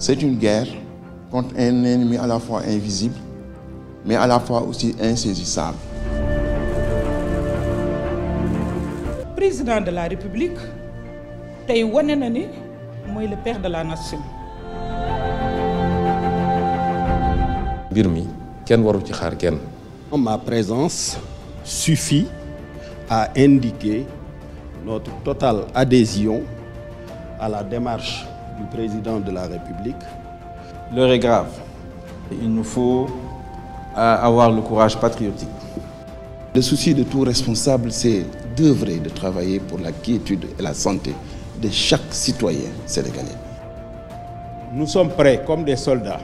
C'est une guerre contre un ennemi à la fois invisible, mais à la fois aussi insaisissable. président de la République moi le père de la nation. Birmi, ma présence suffit à indiquer notre totale adhésion à la démarche du président de la République. L'heure est grave. Il nous faut euh, avoir le courage patriotique. Le souci de tout responsable, c'est d'œuvrer, de travailler pour la quiétude et la santé de chaque citoyen sénégalais. Nous sommes prêts, comme des soldats,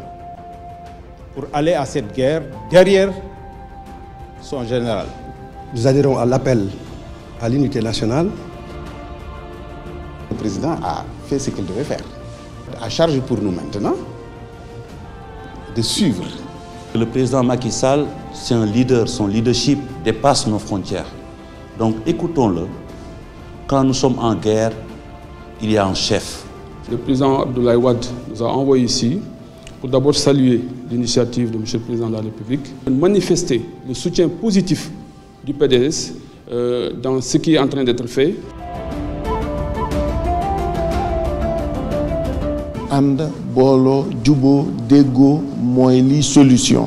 pour aller à cette guerre derrière son général. Nous adhérons à l'appel à l'unité nationale. Le président a fait ce qu'il devait faire à charge pour nous maintenant de suivre. Le président Macky Sall, c'est un leader, son leadership dépasse nos frontières. Donc écoutons-le. Quand nous sommes en guerre, il y a un chef. Le président Abdoulaye Wade nous a envoyé ici pour d'abord saluer l'initiative de M. le Président de la République, manifester le soutien positif du PDS euh, dans ce qui est en train d'être fait. ànd booloo juboo déggoo mooy lii solution